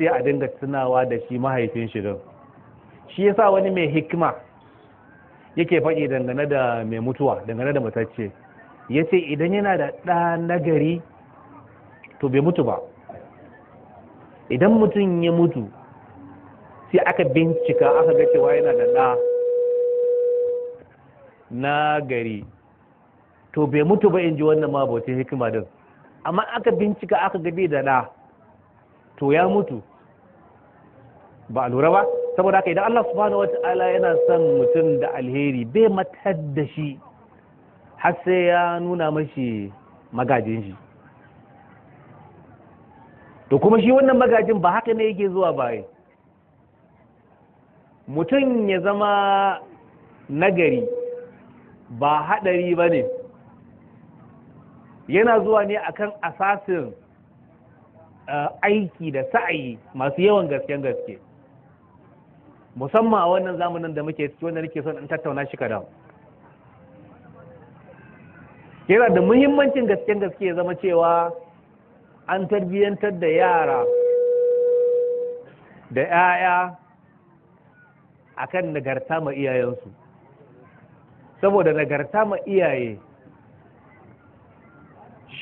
sai a dinga tunawa da shi mahaifin shi din shi yasa wani mai hikima yake faɗi dangane da mai mutuwa dangane da matacce ya ce idan yana da ɗa nagari to bai mutu ba idan mutum ya mutu sai aka bincika aka ga cewa yana da ɗa nagari, to bai mutu ba in ji wannan mabautin hikima din amma aka bincika aka ga bai da ɗa to ya mutu ba a lura ba saboda haka idan Allah subhanahu wata'ala yana son mutum da alheri bai matar da shi har sai ya nuna mashi magajin shi to kuma shi wannan magajin ba haka ne yake zuwa baya mutum ya zama nagari ba haɗari ba ne yana zuwa ne akan asasin eh, aiki da sa'ayi masu yawan gasken gaske musamman a wannan zamanin da muke ciki wanda nake son in tattauna shi kada yana da muhimmancin gasken gaske ya zama cewa an tarbiyyantar da yara da 'ya'ya akan nagarta ma iyayensu saboda nagarta ma iyaye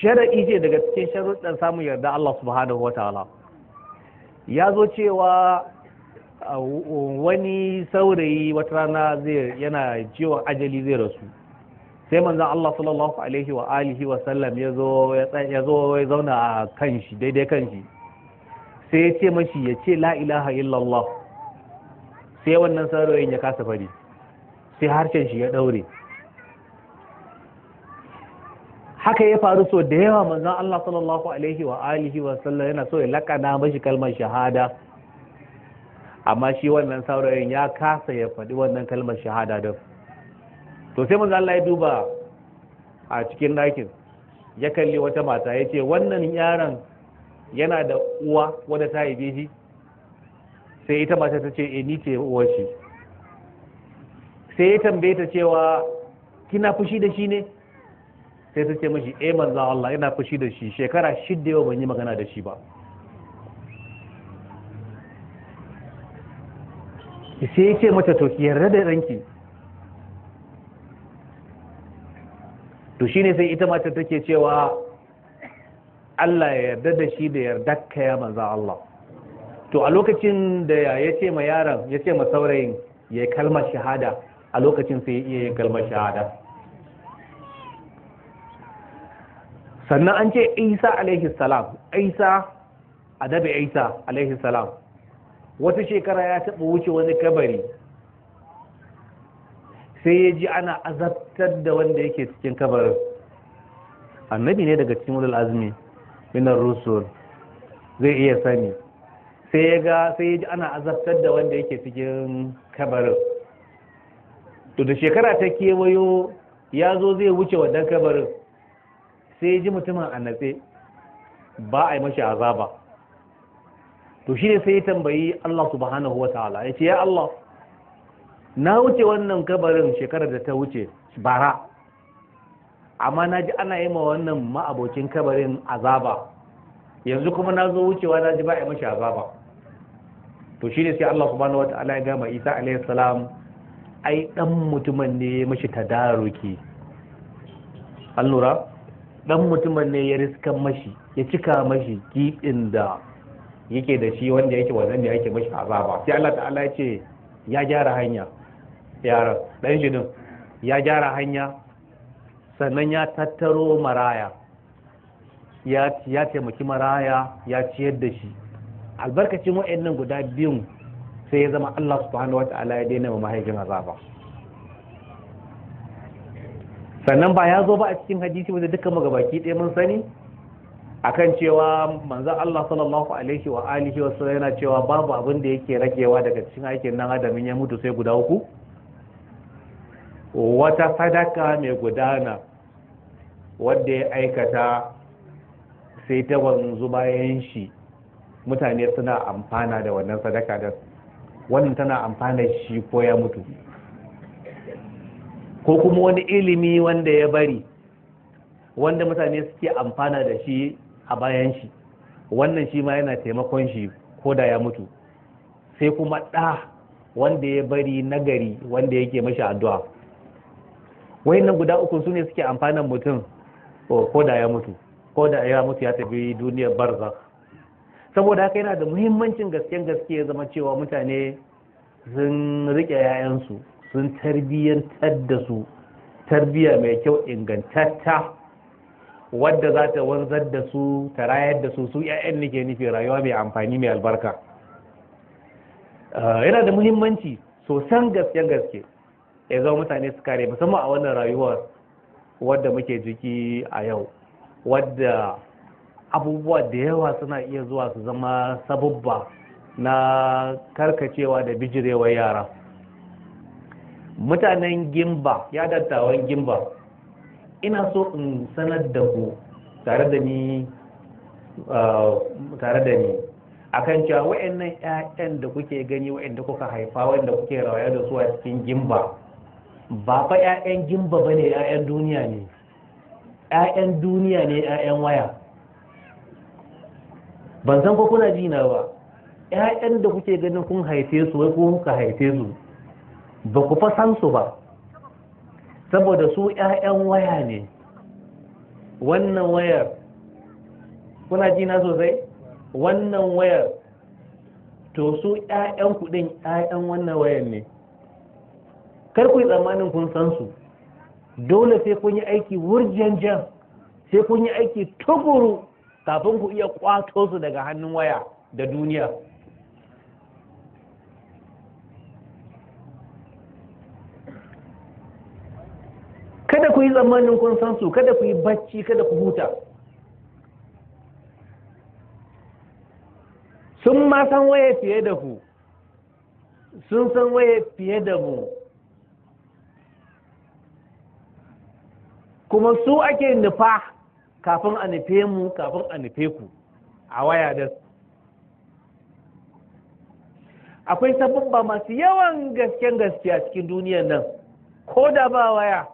shara'i ce daga cikin sharuɗin samun yarda Allah subhanahu wa ta'ala ya zo cewa wani saurayi wata rana zai yana ciwon ajali zai rasu sai manzon Allah sallallahu alaihi wa alihi wa sallam ya zo ya zo ya zauna a kan shi daidai kan shi sai ya ce mashi ya ce la ilaha illallah sai wannan saurayin ya kasa fari sai harshen shi ya daure haka ya faru so da yawa manzon Allah sallallahu alaihi wa alihi wa sallam yana so ya lakana mashi kalmar shahada amma shi wannan saurayin ya kasa ya faɗi wannan kalmar shahada don to sai manzo Allah ya duba a cikin ɗakin ya kalli wata mata ya ce wannan yaron yana da uwa wadda ta haife shi sai ita mata ta ce e ni ce uwar shi sai ya tambaye ta cewa kina fushi da shi ne sai ta ce mashi e manzo Allah ina fushi da shi shekara shidda yau ban yi magana da shi ba sai ya ce mata to ki yarda da ranki to shine sai ita mata take cewa Allah ya yarda da shi da ka ya manza Allah to a lokacin da ya ce ma yaron ya ce ma saurayin ya yi kalmar shahada a lokacin sai iya yin kalmar shahada sannan an ce isa alaihi salam isa adabi isa alaihi salam wata shekara ya taɓa wuce wani kabari sai ya ji ana azabtar da wanda yake cikin kabarin annabi ne daga cikin wadal azumi. minar rusul zai iya sani sai ya ga sai ya ji ana azabtar da wanda yake cikin kabarin to da shekara ta kewayo ya zo zai wuce wannan kabarin sai ya ji mutumin a natse ba a yi mashi azaba to shi ne sai ya tambayi Allah subhanahu wata'ala ya ce ya Allah na wuce wannan kabarin shekarar da ta wuce bara amma na ji ana yi ma wannan ma'abokin kabarin azaba yanzu kuma na zo wucewa na ji ba a mashi azaba to shi ne sai Allah subhanahu wata'ala ya gama Isa alayhi salam ai dan mutumin ne ya mashi tadaruki an lura dan mutumin ne ya riskan mashi ya cika mashi kibin da yake da shi wanda yake wannan da yake mashi azaba sai Allah ta'ala ya ce ya gyara hanya yaran dan shi ya gyara hanya sannan ya tattaro maraya ya ya taimaki maraya ya ciyar da shi albarkacin wa'annan guda biyun sai ya zama Allah subhanahu wata'ala ya daina ma mahaifin azaba sannan ba ya zo ba a cikin hadisi wanda dukkan magabaki ɗaya mun sani akan cewa manzon Allah sallallahu alaihi wa alihi wa sallam yana cewa babu abin da yake ragewa daga cikin aikin nan adamin ya mutu sai guda uku wata sadaka mai gudana wadda ya aikata sai ta wanzu bayan shi mutane suna amfana da wannan sadaka da wannan tana amfana shi ko ya mutu ko kuma wani ilimi wanda ya bari wanda mutane suke amfana da shi a bayan shi wannan shi ma yana taimakon shi ko da ya mutu sai kuma ɗa wanda ya bari nagari wanda yake mashi addu'a nan guda uku su ne suke amfanin mutum ko da ya mutu ko da ya mutu ya tafi duniyar barza saboda haka yana da muhimmancin gasken gaske ya zama cewa mutane sun riƙe 'ya'yansu sun tarbiyyantar da su tarbiyya mai kyau ingantatta wadda za ta wanzar da su ta rayar da su su 'ya'yan nake nufin rayuwa mai amfani mai albarka eh, yana da muhimmanci sosan gaske gaske ya zama mutane su kare musamman a wannan rayuwar wadda muke jiki a yau wadda abubuwa da yawa suna iya zuwa su zama sabubba na karkacewa da bijirewar yara mutanen gimba ya dattawan gimba ina so in sanar da ku tare da ni uh, tare da ni akan cewa wayannan ƴaƴan da kuke gani wayanda kuka haifa wayanda kuke rawaya da su a cikin gimba ba fa ƴaƴan gimba bane ƴaƴan duniya ne ƴaƴan duniya ne ƴaƴan waya ban san ko kuna ji na ba ƴaƴan da kuke ganin kun haife su wai ko kuka haife su ba ku fa san su ba saboda su 'ya'yan waya ne wannan wayar kuna jina sosai wannan wayar to su 'ya'yan kuɗin 'ya'yan wannan wayar ne kar ku yi tsammanin kun san su dole sai kun yi aiki wurjanjan sai kun yi aiki tuburu kafin ku iya kwato su daga hannun waya da duniya kada ku yi tsammanin kun san su kada ku yi bacci kada ku huta sun ma san waye fiye da ku sun san waye fiye da mu kuma su ake nufa kafin a nufe mu kafin a nufe ku a waya da akwai ba masu yawan gasken gaskiya cikin duniyar nan ko da ba waya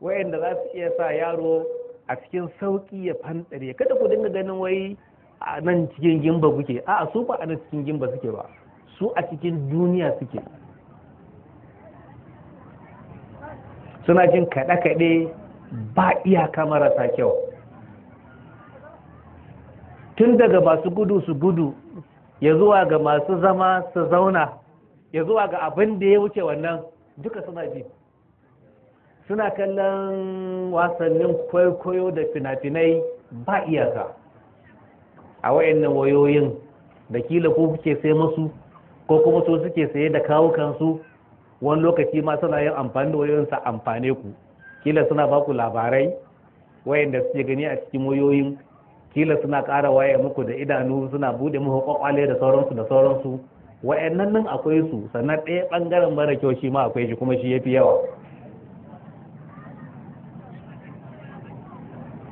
wayanda za su iya sa yaro a cikin sauki ya fantsare kada ku dinga ganin wai a nan cikin gimba kuke a'a su ba a nan cikin gimba suke ba su a cikin duniya suke suna jin kaɗe-kaɗe ba iyaka marasa kyau tun daga masu gudu su gudu ya zuwa ga masu zama su zauna ya zuwa ga abin da ya wuce wannan duka suna jin. suna kallon wasannin kwaikwayo da fina-finai ba iyaka a wayannan wayoyin da kila ko kuke sai masu ko kuma so suke saye da kawukansu, wani lokaci ma suna yin amfani da wayoyinsa amfane ku kila suna ba ku labarai wayanda suke gani a cikin wayoyin kila suna ƙara waye muku da idanu suna bude muku kwakwale da sauransu da sauransu wayannan nan akwai su sannan ɗaya ɓangaren mara kyau shi ma akwai shi kuma shi ya fi yawa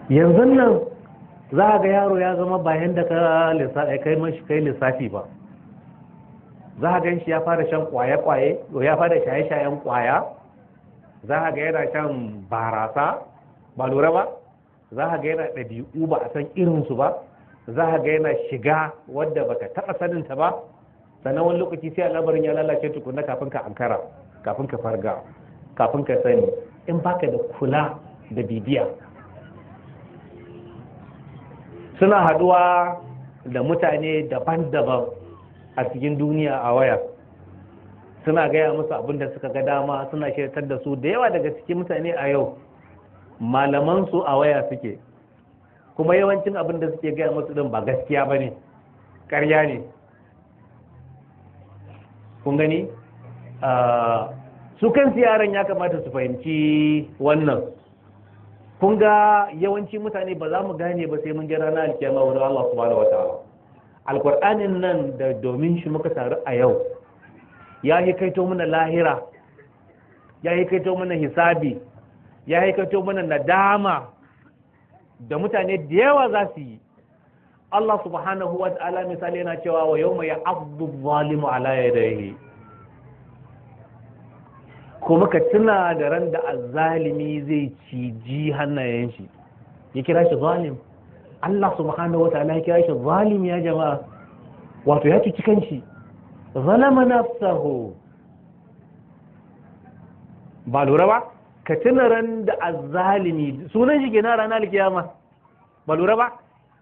yanzu nan za a ga yaro ya zama bayan da kai mashi kai lissafi ba za a gan shi ya fara shan kwaye-kwaye ya fara shaye-shayen kwaya za a ga yana shan barasa ba lura ba za a ga yana ɗabi'u ba a san irinsu ba za a ga yana shiga wadda baka taɓa saninta ba sannan wani lokaci sai al'amarin ya lalace tukunna kafin ka ankara kafin ka farga kafin ka sani in baka da kula da bibiya suna haduwa da mutane daban-daban a cikin duniya a waya suna gaya musu abin da suka ga dama suna shaitar da su da yawa daga cikin mutane a yau malamansu a waya suke kuma yawancin abin da suke gaya musu din ba gaskiya ba ne ƙarya ne kun gani ah, su kan yaran ya kamata su fahimci wannan kun ga yawanci mutane ba za mu gane ba sai mun ji ranar alkiyama wurin Allah subhanahu wataala alqur'anin nan da domin shi muka taru a yau ya yi kaito mana lahira ya yi kaito mana hisabi ya yi kaito mana nadama da mutane da yawa za su yi Allah subhanahu wataala misali yana cewa wa yawma ya'addu zalimu ala yadayhi ko ka tuna da ran da azzalimi zai ciji hannayen shi ya kira shi zalim Allah subhanahu wa ta'ala ya kira shi zalim ya jama'a wato ya cuci kanshi zalama nafsahu ba lura ba ka tuna ran da azzalimi sunan shi kenan ranar alkiyama ba lura ba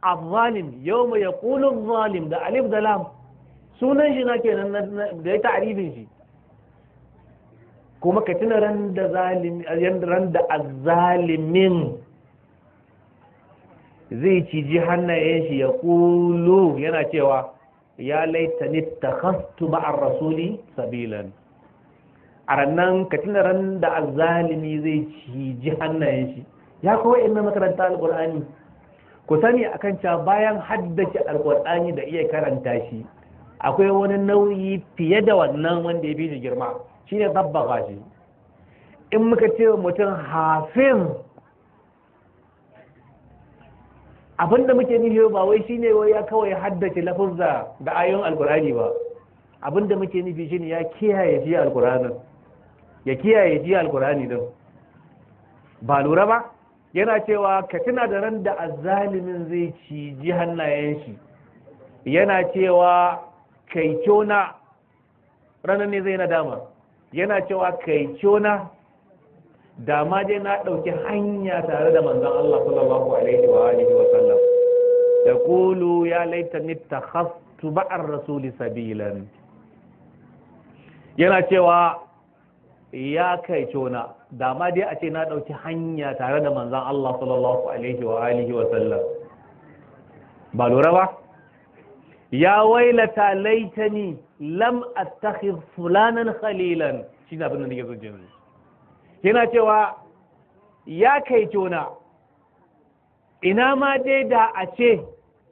azzalim yawma yaqulu zalim da alif da lam sunan shi na kenan da ya ta'arifin shi kuma ka tuna ran da azalimin zai ciji hannayen shi ya kulu yana cewa ya laita ni takhastu ma'ar rasuli sabilan a rannan ka tuna ran da azzalimi zai ciji hannayen shi ya kowa inna makaranta alkur'ani ku sani akan cewa bayan haddace alkur'ani da iya karanta shi akwai wani nauyi fiye da wannan wanda ya bi girma Shi shine dabbaka shi in muka ce mutum hafiz abinda muke nufi ba wai shine wai ya kawai haddace lafuzza da ayoyin alkur'ani ba abinda muke nufi ne ya kiyaye shi alkur'anin ya kiyaye shi alkur'ani din ba lura ba yana cewa ka tuna da ran da azalimin zai ciji hannayen shi yana cewa kai kyona ranar ne zai na nadama yana cewa kai kyona da ma dai na ɗauki hanya tare da manzon Allah sallallahu alaihi wa alihi wa sallam Kulu ya laita ta takhaftu ba'ar rasuli sabilan yana cewa ya kai cona da ma dai a ce na ɗauki hanya tare da manzan Allah sallallahu alaihi wa alihi wa sallam ba lura ba ya wailata laitani lam attakhidh fulanan khalilan shine abin da yana cewa ya kai jona ina ma dai da a ce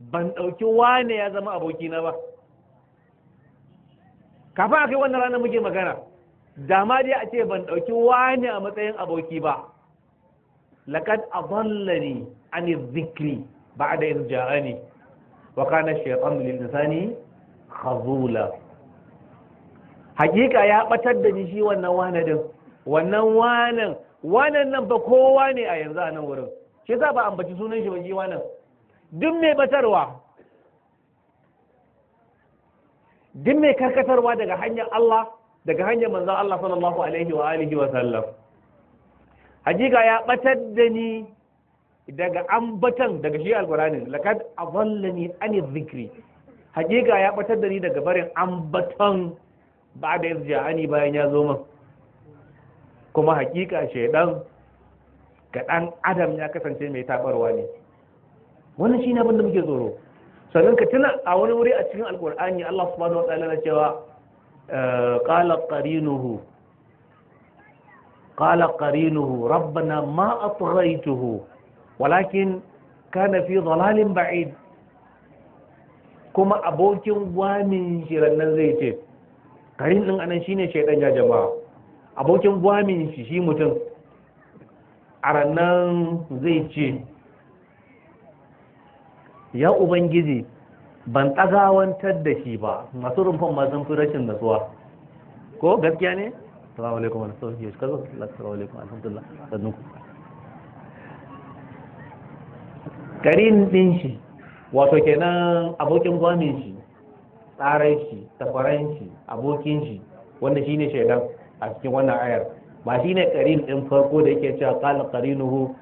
ban ɗauki wane ya zama abokina ba kafin a kai wannan ranar muke magana da ma dai a ce ban ɗauki wane a matsayin aboki ba laƙad aballani yi zikri ba da ja'ani wa kana shaytanu lil insani khazula hakika ya batar da ni shi wannan wanadin wannan wanan wanan nan ba kowa ne a yanzu a nan wurin shi yasa ba ambaci sunan shi ba shi wanan mai batarwa duk mai karkatarwa daga hanyar Allah daga hanyar manzon Allah sallallahu alaihi wa alihi wa sallam hakika ya batar da ni daga ambatan daga shi alkur'ani laqad adallani ani dhikri hakika ya batar da ni daga barin ambatan ba da ani bayan ya zo man kuma hakika shaidan ga ɗan adam ya kasance mai taɓarwa ne wannan shine abin da muke tsoro sannan ka tuna a wani wuri a cikin alkur'ani Allah subhanahu wa ta'ala na cewa eh, qala qarinuhu qala qarinuhu rabbana ma atghaytuhu walakin kana fi dhalalin ba'id kuma abokin gwamin shi rannan zai ce karin din anan shine shaidan ya jama'a abokin gwamin shi shi mutum a rannan zai ce ya ubangiji ban tsagawantar da shi ba masu rumfan ma sun fi rashin nasuwa ko gaskiya ne assalamu alaikum wa rahmatullahi wa barakatuh alhamdulillah karin ɗin shi wato kenan abokin gwamin shi tsarai shi takwaran shi abokin shi wanda shi ne shaidan a cikin wannan ayar ba shine karin din farko da yake cewa qala qarinuhu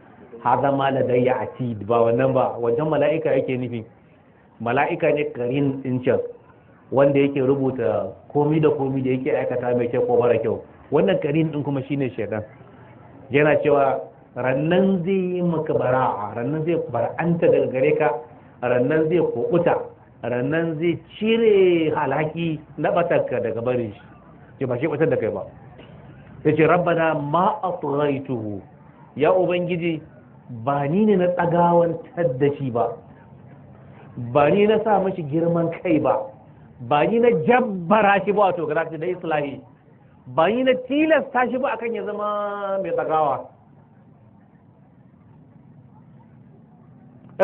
hadha ma ladayya atid ba wannan ba wajen mala'ika yake nufi mala'ika ne karin ɗin can wanda yake rubuta komi da komi da yake aikata mai kyau ko mara kyau wannan karin ɗin kuma shine shaidan yana cewa rannan zai yi maka bara'a rannan zai bara'anta daga gare ka rannan zai kokuta rannan zai cire halaki na batarka daga barin shi ce ba shi kwatar da kai ba ya ce rabbana ma a ya ubangiji ba ni ne na tsagawantar da ba ba ni na sa mashi girman kai ba ba ni na jabbara shi ba wato ga da islahi ba ni na tilasta shi ba akan ya zama mai tsagawa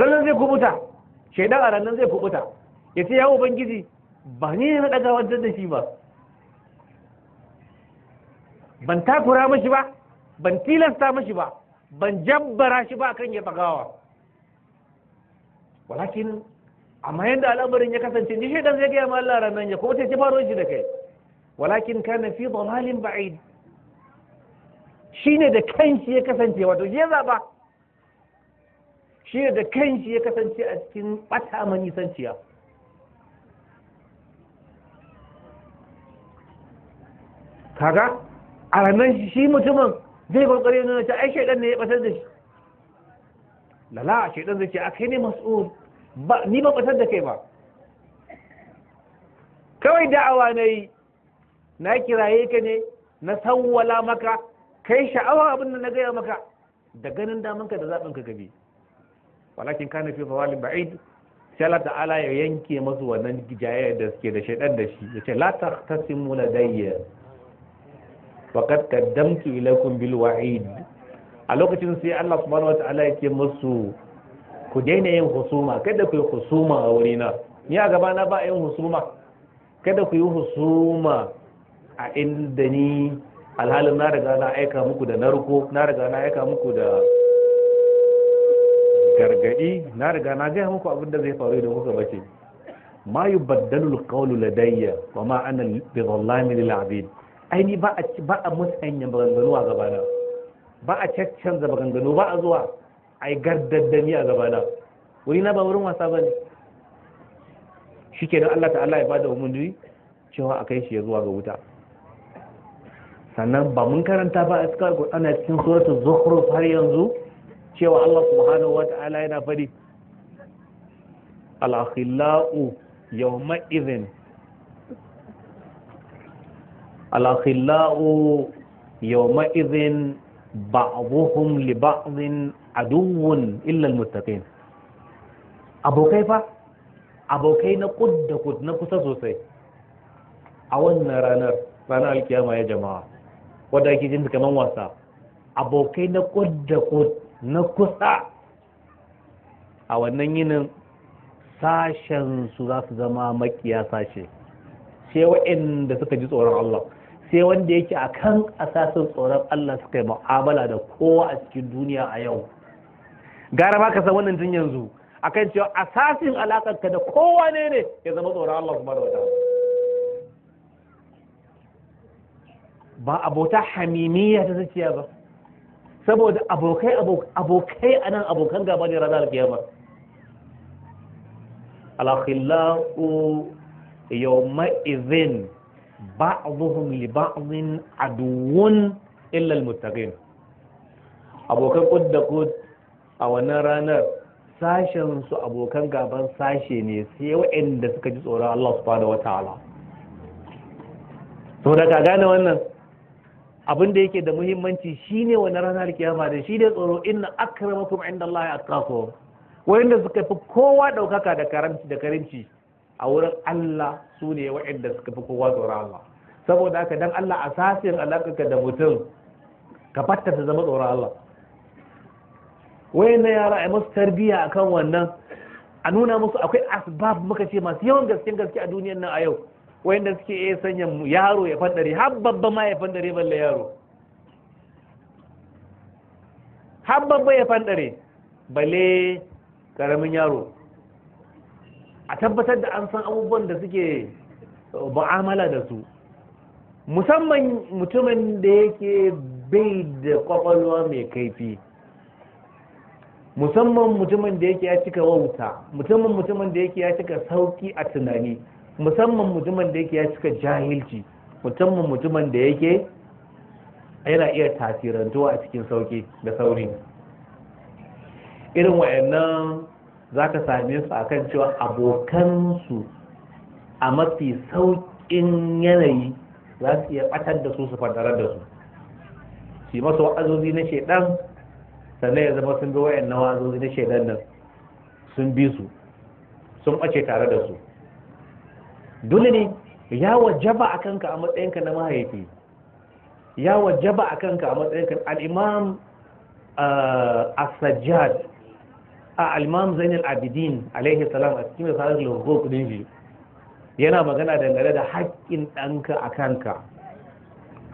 ranar zai kubuta shaidan a ranar zai kubuta ya ce ya ubangiji ba ni ne na daga wajen da shi ba ban takura mashi ba ban tilasta mashi ba ban jabbara shi ba kan ya bagawa walakin amma yadda al'amarin ya kasance ni shaidan zai gaya ma Allah ranar ya kuma ta faro shi da kai walakin kana fi dalalin ba'id shine da kanshi ya kasance wato shi ya zaba shi da shi ya kasance a cikin ɓata ciya? kaga a ranar shi mutumin zai kokari nuna ta ai shaidan ne ya batar da shi lala shaidan zai ce a kai ne masu ba ni ba batar da kai ba kawai da'awa na yi na kiraye ka ne na sawwala maka kai sha'awa abin da na gaya maka da ganin damanka da zaɓin ka gabi walakin kana fi zawalin ba'id sai Allah ta'ala ya yanke masu wannan jayayya da suke da shaidan da shi yace la taqtasimu ladayya faqad qaddamtu ilaykum bil wa'id a lokacin sai Allah subhanahu wata'ala ce musu ku daina yin husuma kada ku yi husuma a wurina ni a gaba na ba yin husuma kada ku yi husuma a inda ni alhalin na riga na aika muku da narko na riga na aika muku da gargadi na riga na gaya muku abin da zai faru idan kuka bace ma baddalul qawlu ladayya wa ma ana bi dhallami lil abid ai ni ba a ba a musanya maganganu a gabana ba a da maganganu ba a zuwa ai gardaddami a gabana wuri na ba wurin wasa ba ne shikenan Allah ta'ala ya bada umurni cewa a kai shi ya zuwa ga wuta sannan ba mun karanta ba a cikin cikin suratul zukhruf har yanzu cewa Allah subhanahu wa ta'ala yana fari al-akhillau yawma idhin al-akhillau yawma idhin ba'dhuhum li ba'dhin aduwwun illa al-muttaqin abokai fa abokai na kudda da kud na kusa sosai a wannan ranar ranar alkiyama ya jama'a wadda ake jin kaman wasa abokai na kudda da kud na kusa a wannan yinin sashen su za su zama makiya sashe sai waɗanda suka ji tsoron Allah sai wanda yake a kan asasin tsoron Allah suka yi mu'amala da kowa a cikin duniya a yau gara ma ka san wannan tun yanzu a akan cewa asasin alakarka da kowa ne ne ya zama tsoron Allah kuma da wata. ba abota hamimiyya ta zuciya ba saboda abokai abokai a nan abokan gaba ne ranar kiyama alakhilahu yawma izin ba'dhum zuhun ba'dhin aduwwun illal almuttaqin abokan kud da kud a wannan ranar sashen su abokan gaban sashe ne sai waɗanda suka ji tsoron Allah subhanahu wataala to da ka gane wannan abin da yake da muhimmanci shine wannan ranar kiyama da shi ne tsoro inna akramakum indallahi atqakum wanda suka fi kowa ɗaukaka da karamci da a wurin Allah su ne da suka fi kowa tsoron Allah saboda haka dan Allah asasin alaƙarka da mutum ka fatta ta zama tsoron Allah wayannan yara a musu tarbiyya akan wannan a nuna musu akwai asbab muka ce masu yawan gaske gaske a duniyar nan a yau wanda suke iya sanya yaro ya fadare har babba ma ya fadare balle yaro har babba ya fadare balle karamin yaro a tabbatar da an san abubuwan da suke ba'amala da su musamman mutumin da yake bai da kwakwalwa mai kaifi musamman mutumin da yake ya cika wauta musamman mutumin da yake ya cika sauki a tunani musamman mutumin da yake ya cika jahilci musamman mutumin da yake yana iya tasirantuwa a cikin sauki da sauri irin wayannan za ka same su a kan cewa abokansu a mafi sauƙin yanayi za su iya ɓatar da su su fadarar da su su masa wa'azozi na shaidan sannan ya zama sun bi wayannan wa'azozi na shaidan nan sun bi su sun ɓace tare da su dole ne ya wajaba a kanka a matsayinka na mahaifi ya wajaba a kanka a matsayinka al'imam uh, a sajjad a al'imam zainal abidin alaihi salam a cikin misalin lorgo din shi yana magana dangane da haƙƙin ɗanka a kanka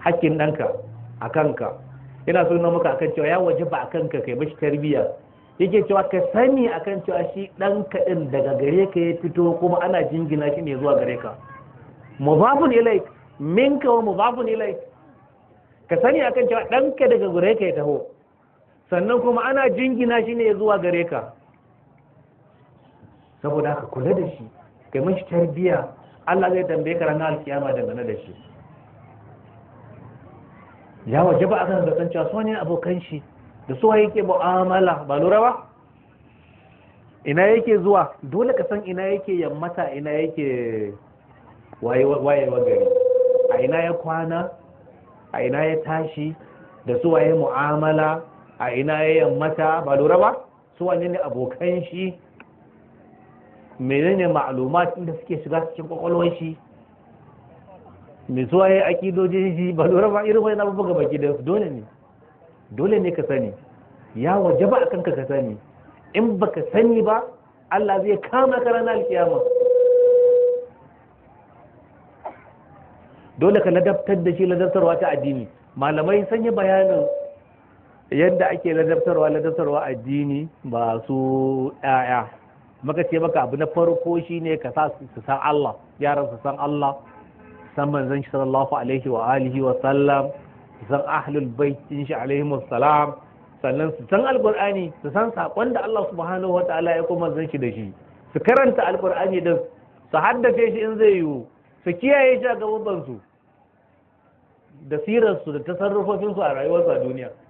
haƙƙin ɗanka a kanka yana so na maka akan cewa ya wajaba a kanka kai mashi tarbiyya yake cewa ka sani akan cewa shi dan kaɗin daga gare ka ya fito kuma ana jingina shi ne zuwa gare ka mudafun ilai minka wa mudafun ilai ka sani akan cewa dan ka daga gare ka ya taho sannan kuma ana jingina shi ne zuwa gare ka saboda haka kula da shi kai mashi tarbiya Allah zai tambaye ka ranar alkiyama dangane da shi ya waje ba akan zaton cewa su abokan shi da so yake mu'amala ba lura ba ina yake zuwa dole ka san ina yake yammata ina yake wayewa gari a ina ya kwana a ina ya tashi da su waye mu'amala a ina ya yammata ba lura ba wanne ne abokan shi menene ma'lumat da suke shiga cikin kwakwalwar shi me suwa ya akidojin shi ba lura ba irin wani na ga baki da dole ne dole ne ka sani ya waje ba akan ka sani in baka sani ba Allah zai kama ka rana alkiyama dole ka ladabtar da shi ladabtarwa ta addini malamai sanya bayanin yadda ake ladabtarwa ladabtarwa addini ba su ɗaya maka ce maka abu na farko shi ne ka sa su san Allah yaran su san Allah san manzan shi sallallahu alaihi wa alihi wa sallam san ahlul baitin shi alaihi salam sannan su san alqur'ani su san sakon da Allah subhanahu wataala ya kuma zan shi da shi su karanta alqur'ani da su haddace shi in zai yiwu su kiyaye shi a gaban su da sirarsu da a rayuwarsu a duniya